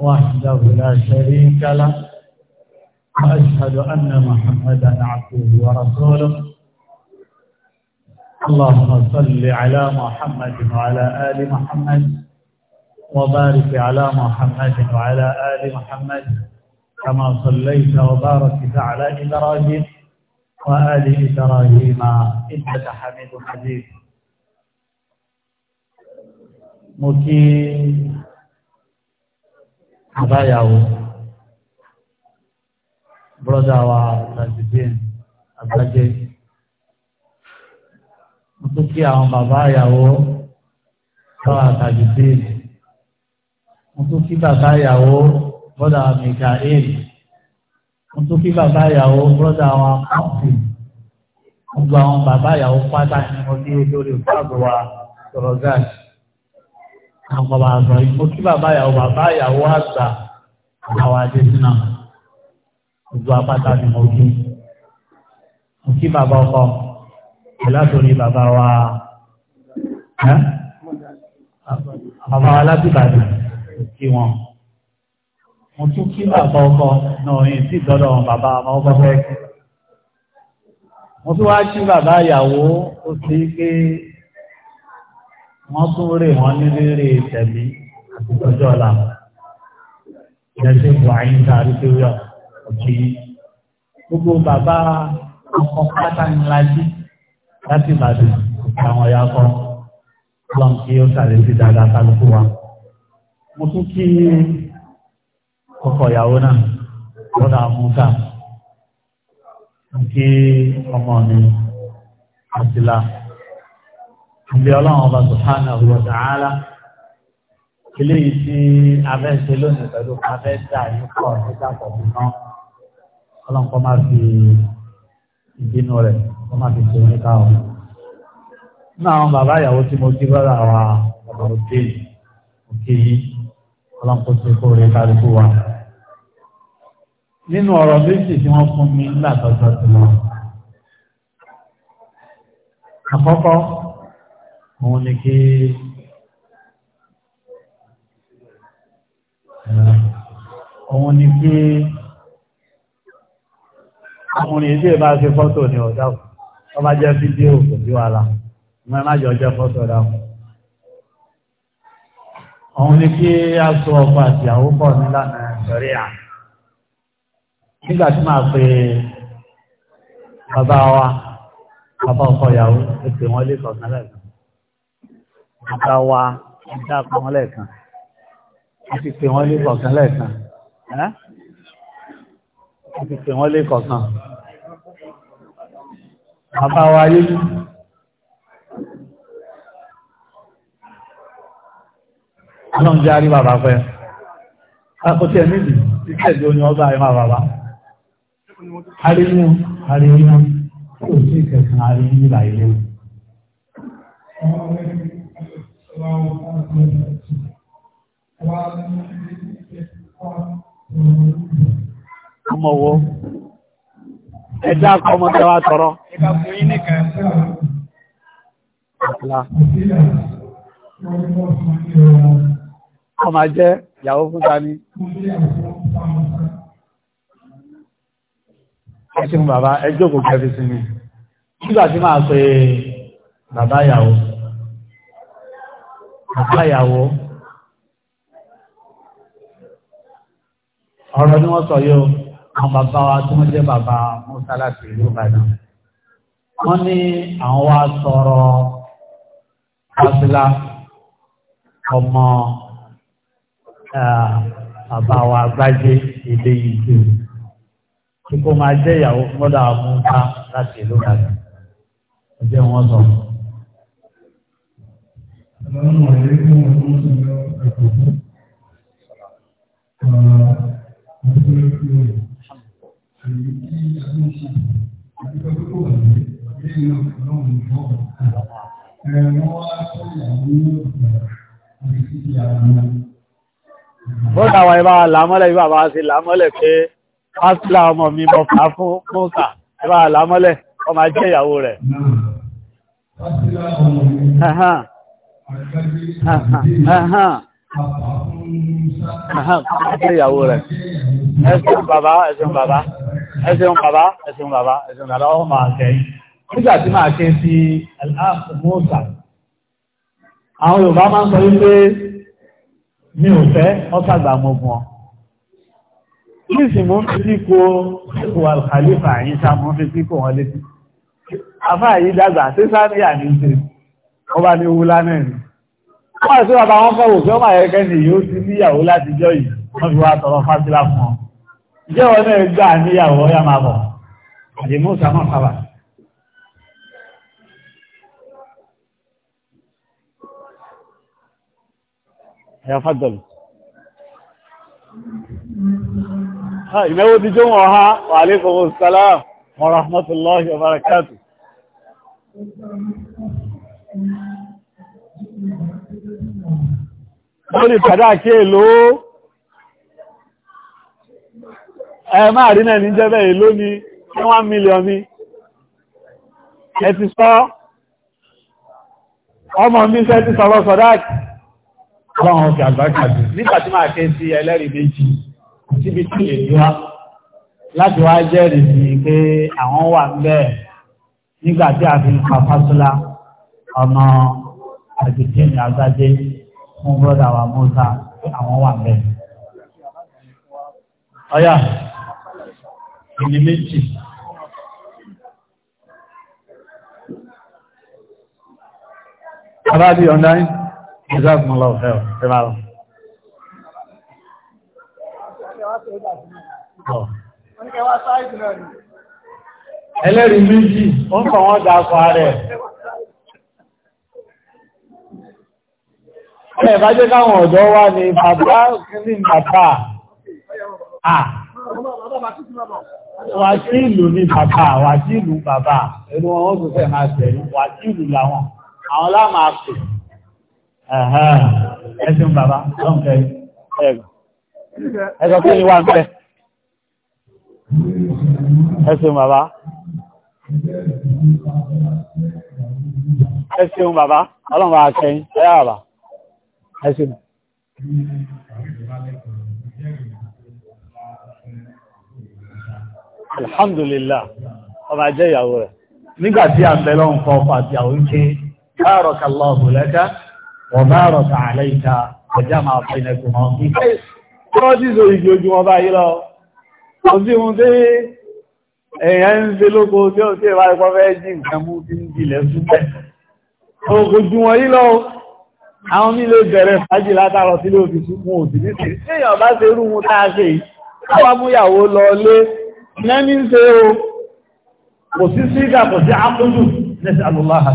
وحده لا شريك له وأشهد أن محمدا عبده ورسوله اللهم صل على محمد وعلى آل محمد وبارك على محمد وعلى آل محمد كما صليت وباركت على إبراهيم وآل إبراهيم إنك حميد حديث مكي àbáyàwó bọ́dà wa tàbíbíyàn àgbájẹ́ mo tún kí àwọn bàbá àyàwó báwa tàbíbíyàn mo tún kí bàbá àyàwó bọ́dà wa mikael mo tún kí bàbá àyàwó bọ́dà wa kọ́ọ̀tì gbogbo àwọn bàbá àyàwó pátá ni mo ní olórí òkú sọ̀rọ̀ gáàsì àwọn ọba àgbà ìmọ̀ kí bàbá ìyàwó bàbá ìyàwó àgbà àwọn adé sínú gbogbo apáta ni mo kí mo kí bàbá ọkọ ìlàtòrí bàbá wa bàbá wa lábìbàdì kí wọn mo tún kí bàbá ọkọ náà yìí sí ìdọ́dọ̀ bàbá ọmọ ọkọ fẹ́ mo tún wá kí bàbá ìyàwó ó sì pé wọ́n tún rè wọ́n ní rírì tẹ̀mí àti tọ́jú ọ̀la. Ìrẹsì Buhari ń darí lórí ọ̀kí. Gbogbo bàbá ọkọ̀ pátá ń lajú láti Ìbàdàn àwọn ọ̀yà kọ́. Lọ́n kí ó sàlẹ̀ sí dáadáa kálukú wa. Mo tún kí ọkọ̀ ìyàwó náà lọ́dọ̀ àmúta. Mo ọmọ mi àtìlá ìgbé ọlọ́run ọba subhanahu wa ta'ala eléyìí tí abẹ́ṣe lónìí pẹ̀lú abẹ́dà yìí pọ̀ nígbà pọ̀jù náà ọlọ́run kọ́ máa fi ìbínú rẹ̀ kọ́ máa fi ṣe oníkà ọ̀. nínú àwọn bàbá ìyàwó tí mo kí bọ́dà wa ọ̀dọ̀ òkè òkè yìí ọlọ́run kó ṣe kó rẹ̀ kálukú wa. nínú ọ̀rọ̀ méjì tí wọ́n fún mi nígbà tọ́jọ́ ti lọ. àkọ́kọ́ òun ni kí eh, òun ni kí ọkùnrin ìdí ìbá ṣe fọ́tò ní ọ̀dá ọ bá jẹ́ fídíò kò sí wàhálà wọ́n má jọ jẹ́ fọ́tò dáhùn òun ni kí a sọ ọkọ àti àwọn pọ̀ nílànà ìṣọ̀rí à nígbà tí máa pe bàbá wa bàbá ọkọ ọ̀gá wa ẹ̀dá kan lẹ́ẹ̀kan a ti wọ́n lé kọ̀ọ̀kan lẹ́ẹ̀kan a ti wọ́n lé kọ̀ọ̀kan bàbá wa yé mi. Ọlọ́run jẹ́ àrí bàbá pẹ́. Akọ̀tí ẹ̀ níbi ìṣẹ̀lẹ̀ oní ọba ẹ̀ máa bàbá. Arínú, arínú, kò sí ìkẹ̀kàn arínú ìlà ilé ọmọ wo ẹ̀dá kọ ọmọ tẹwà tọrọ ọmọ jẹ́ ìyàwó fún tani ẹ̀ṣin bàbá ẹjọ́ kò kẹfì sí mi nígbàtí máa pé bàbá ìyàwó bàbá ìyàwó ọ̀rọ̀ ni wọ́n sọ yóò àwọn bàbá wa tí wọ́n jẹ́ bàbá Musa láti ìlú Ìbàdàn wọ́n ní àwọn wa sọ̀rọ̀ Abdulá ọmọ bàbá wa gbájé ilé ìlú tí kò máa jẹ́ ìyàwó mọ́dà Musa láti ìlú Ìbàdàn ọjọ́ wọn sọ̀rọ̀. السلام عليكم ورحمة الله وبركاته. Bọ́dà wa ibá làmọ́lẹ̀ ibá bá sí làmọ́lẹ̀ pé Pásílà ọmọ mi bọ̀ fà fún Mọ́sà ibá làmọ́lẹ̀ ọmọ ajẹ́ ìyàwó rẹ̀. Pásílà ọmọ mi ìyàwó rẹ̀ ẹ̀sùn bàbá ẹ̀sùn bàbá ẹ̀sùn bàbá ẹ̀sùn bàbá ẹ̀sùn bàbá ọ máa kẹ́yìn nígbà tí máa kẹ́ sí aláàfùmọ́sà àwọn Yorùbá máa ń sọ wípé mi ò fẹ́ ọ́sàgbà mọ́gbọ́n ọ Kíìsì mú fi kó wà Khalifa àyíṣà mú fi kó wọn létí. Afá yìí dàgbà, tí sáà ní àníṣe wọ́n bá ní wúlá náà ni wọ́n sí bàbá wọn kọ̀wò pé ọmọ ẹ̀kẹ́ ni yóò ti níyàwó látijọ́ yìí wọ́n fi wá tọrọ fásilá fún ọ jẹ́ wọn náà gbà níyàwó ọyá máa bọ̀ àdìmú sàmọ́ sábà ẹ̀yà fàdọ̀lù ìnáwó ti jó wọn ha wa alaykum assalam wa rahmatullahi wa barakatuh lórí sàdáàkì èlò ẹ máa rí náà ní jẹ́bẹ̀ èlò ni one million ni ẹ ti sọ ọmọ mi fẹ́ ti sọ̀rọ̀ sàdáàkì ọlọ́run ọ̀fẹ́ àgbàkàdì nígbàtí máa ké sí ẹlẹ́rìí méjì síbi tí èdè wá láti wá jẹ́rìí sí pé àwọn wà ń bẹ́ẹ̀ nígbàtí a fi ń pa fásulá ọmọ àgbègbè ní fún bọ́dà wa mọ́ta àwọn wà mẹ́. Ọyá, ìní méjì. Arábí ọ̀nà ìjọ́gbọ̀n lọ fẹ́ ọ̀ tẹ́ máa lọ. Ẹlẹ́rìí méjì, ó ń kọ̀ wọ́n dá akọ ààrẹ. ẹ̀ bá jẹ́ káwọn ọ̀dọ́ wá ní bàbá kìíní bàbá à wàkíìlù ní bàbá wàkíìlù bàbá ẹnu wọn ó fẹ́ máa tẹ̀lú wàkíìlù làwọn àwọn láàmà pè ẹ̀sìn bàbá lọ́nkẹ́ ẹ̀sọ́ wà ń fẹ́ ẹ̀sìn bàbá ẹ̀sìn bàbá ọlọ́mọ akẹ́yìn ẹ̀yà bàbá ẹ ṣe. alhamdulillah ọba jẹ́ ìyàwó rẹ̀ nígbà tí a bẹ̀rẹ̀ ń fọ ọkọ̀ àti àwọn ike bárọ̀kà lọ́ọ̀bù lẹ́ka wọ́n bárọ̀kà àlẹ́ka ọjà máa fi ẹnẹ́kùn mọ́ ìfẹ́ wọ́n sì so ìjì ojú wọn báyìí lọ kò sí ohun tí èèyàn ń ṣe lóko tí ó sì wáyé pọ́fẹ́ jí nǹkan mú ti ń jilẹ̀ súnmẹ́ ògùn jù wọ́n yìí lọ́wọ́ àwọn mi lè bẹ̀rẹ̀ fàájì látàrọ sílé òfìsí fún òbìsí sí èèyàn bá ṣe rú mú táa ṣe yìí káwà múyàwó lọ lé mẹ́ni ń ṣe o kò sí sígà kò sí ápùlù nẹ́sì alùláhà